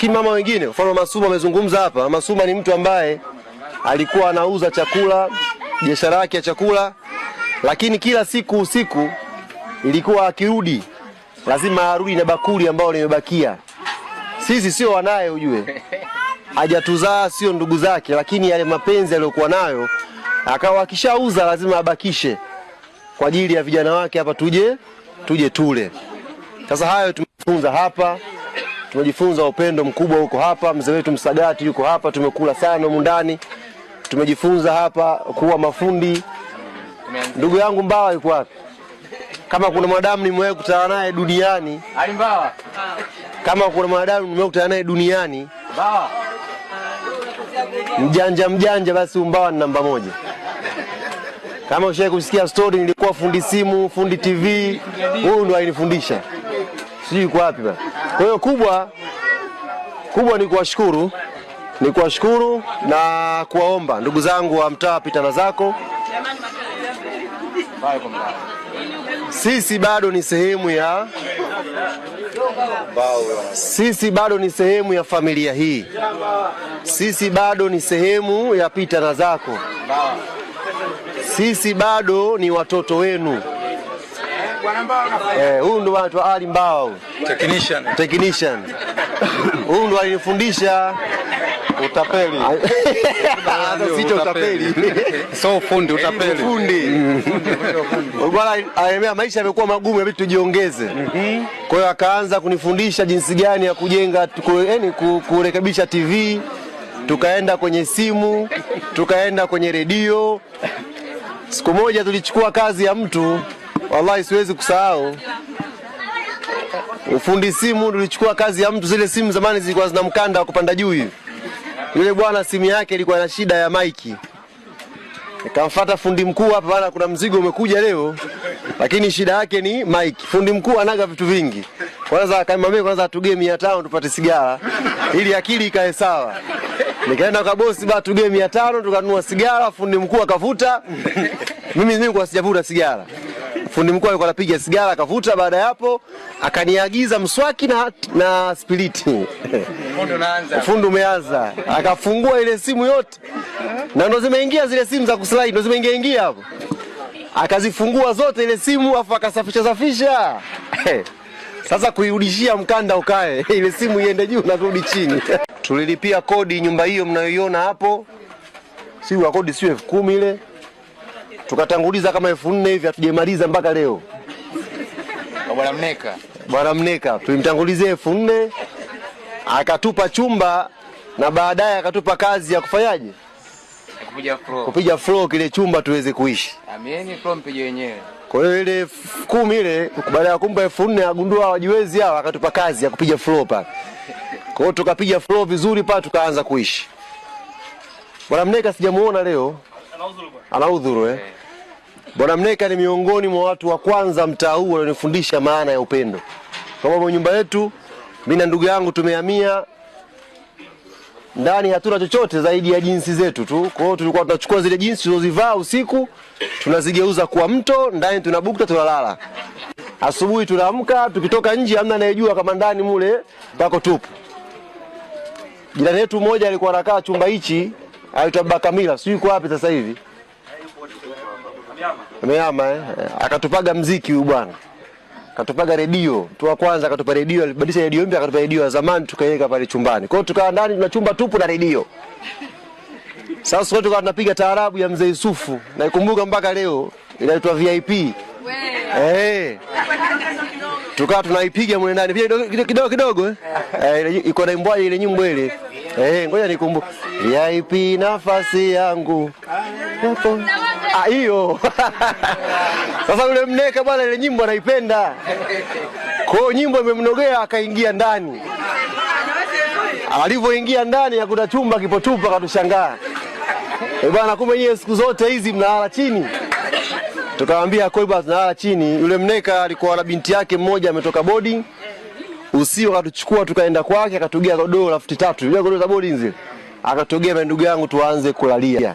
Lakini mama wengine, mfano Masuma amezungumza hapa. Masuma ni mtu ambaye alikuwa anauza chakula, biashara yake ya chakula, lakini kila siku usiku ilikuwa akirudi lazima arudi na bakuli ambayo limebakia. Sisi sio wanaye, ujue hajatuzaa, sio ndugu zake, lakini yale mapenzi aliyokuwa nayo akawa akishauza lazima abakishe kwa ajili ya vijana wake hapa, tuje tuje tule. Sasa hayo tumefunza hapa tumejifunza upendo mkubwa huko hapa. Mzee wetu Msagati yuko hapa, tumekula sana humu ndani, tumejifunza hapa kuwa mafundi. Ndugu yangu Mbawa yuko wapi? Kama kuna mwanadamu nimewahi kukutana naye duniani, Ali Mbawa. Kama kuna mwanadamu nimewahi kukutana naye duniani, Mbawa mjanja mjanja, basi Mbawa ni namba moja. Kama ushawahi kusikia story, nilikuwa fundi simu, fundi TV, huyu ndo alinifundisha. Sijui yuko wapi bana. Kwa hiyo kubwa kubwa ni kuwashukuru ni kuwashukuru na kuwaomba ndugu zangu wa mtaa, pitana zako. Sisi bado ni sehemu ya sisi bado ni sehemu ya familia hii, sisi bado ni sehemu ya pitana zako, sisi bado ni watoto wenu. Eh, eh, huyu ndo bwana tu Ali Mbawa huyu. Technician. Technician. Huyu ndo alinifundisha utapeli. Hata sio utapeli. So fundi eh, utapeli. Fundi. Bwana mm-hmm. aemea maisha yamekuwa magumu inabidi tujiongeze. Mm-hmm. Kwa hiyo akaanza kunifundisha jinsi gani ya kujenga yaani kurekebisha TV tukaenda kwenye simu, tukaenda kwenye redio. Siku moja tulichukua kazi ya mtu Wallahi siwezi kusahau ufundi simu ulichukua kazi ya mtu. Zile simu zamani zilikuwa zina mkanda wa kupanda juu hivi. Yule bwana simu yake ilikuwa na shida ya maiki, nikamfuata fundi mkuu hapa, bana, kuna mzigo umekuja leo, lakini shida yake ni maiki. Fundi mkuu anaga vitu vingi. Kwanza akamwambia kwanza atugee mia tano tupate sigara ili akili ikae sawa. Nikaenda kwa bosi ba tugee mia tano tukanunua sigara, fundi mkuu akavuta. Mimi mimi kwa sijavuta sigara fundi mkuu alikuwa anapiga sigara akavuta, baada ya hapo akaniagiza mswaki na, na spiriti fundi umeanza, akafungua ile simu yote na ndo zimeingia zile simu za kuslide, ndo zimeingia ingia hapo, akazifungua zote ile simu afu akasafisha safisha Sasa kuirudishia mkanda ukae, ile simu iende juu na kurudi chini. Tulilipia kodi nyumba hiyo mnayoiona hapo, si kodi sio elfu kumi ile tukatanguliza kama elfu nne hivi hatujamaliza mpaka leo. Bwana Mneka, Bwana Mneka tulimtangulizia elfu nne akatupa chumba na baadaye akatupa kazi ya kufanyaje, kupiga floor, kupiga floor kile chumba tuweze kuishi. Ameni, floor mpige wenyewe. Kwa hiyo ile kumi ile baada ya kumpa elfu nne agundua hawajiwezi hao akatupa kazi ya kupiga floor pale. Kwa hiyo tukapiga floor vizuri pale, tukaanza kuishi. Bwana Mneka sijamuona leo, anaudhuru bwana. Anaudhuru eh? Yeah. Bwana Mneka ni miongoni mwa watu wa kwanza mtaa huu walionifundisha maana ya upendo. Kwa sababu nyumba yetu mimi na ndugu yangu tumehamia ndani, hatuna chochote zaidi ya jinsi zetu tu. Kwa hiyo tulikuwa tunachukua zile jinsi tulizozivaa usiku, tunazigeuza kuwa mto, ndani tunabukta, tunalala. Asubuhi tunaamka, tukitoka nje hamna anayejua kama ndani mule pako tupu. Jirani yetu mmoja alikuwa anakaa chumba hichi, aitwa Baba Kamila, sijui kwa wapi sasa hivi amehama eh? Akatupaga mziki huyu bwana, akatupaga redio tu, wa kwanza akatupa redio, alibadilisha redio mpya, akatupa redio ya zamani, tukaiweka pale chumbani. Kwa hiyo tukawa ndani na chumba tupu na redio. Sasa sote tukawa tunapiga taarabu ya mzee Yusufu, naikumbuka mpaka leo, inaitwa VIP eh, Tukawa tunaipiga mwe ndani pia kidogo kidogo eh, eh iko na imbwa ile nyimbo ile eh, ngoja nikumbuke VIP nafasi yangu Yapo. Ah, hiyo sasa. Yule mneka bwana, ile nyimbo anaipenda, kwa hiyo nyimbo imemnogea akaingia ndani. Alivyoingia ndani akuta chumba kipotupa, akatushangaa eh bwana, kumbe nyewe siku zote hizi mnalala chini. Tukamwambia koiba, tunalala chini. Yule mneka alikuwa na binti yake mmoja ametoka bodi usio, akatuchukua tukaenda kwake, akatugea godoro la futi tatu, godoro za bodi nzile, akatugea, ndugu yangu, tuanze kulalia.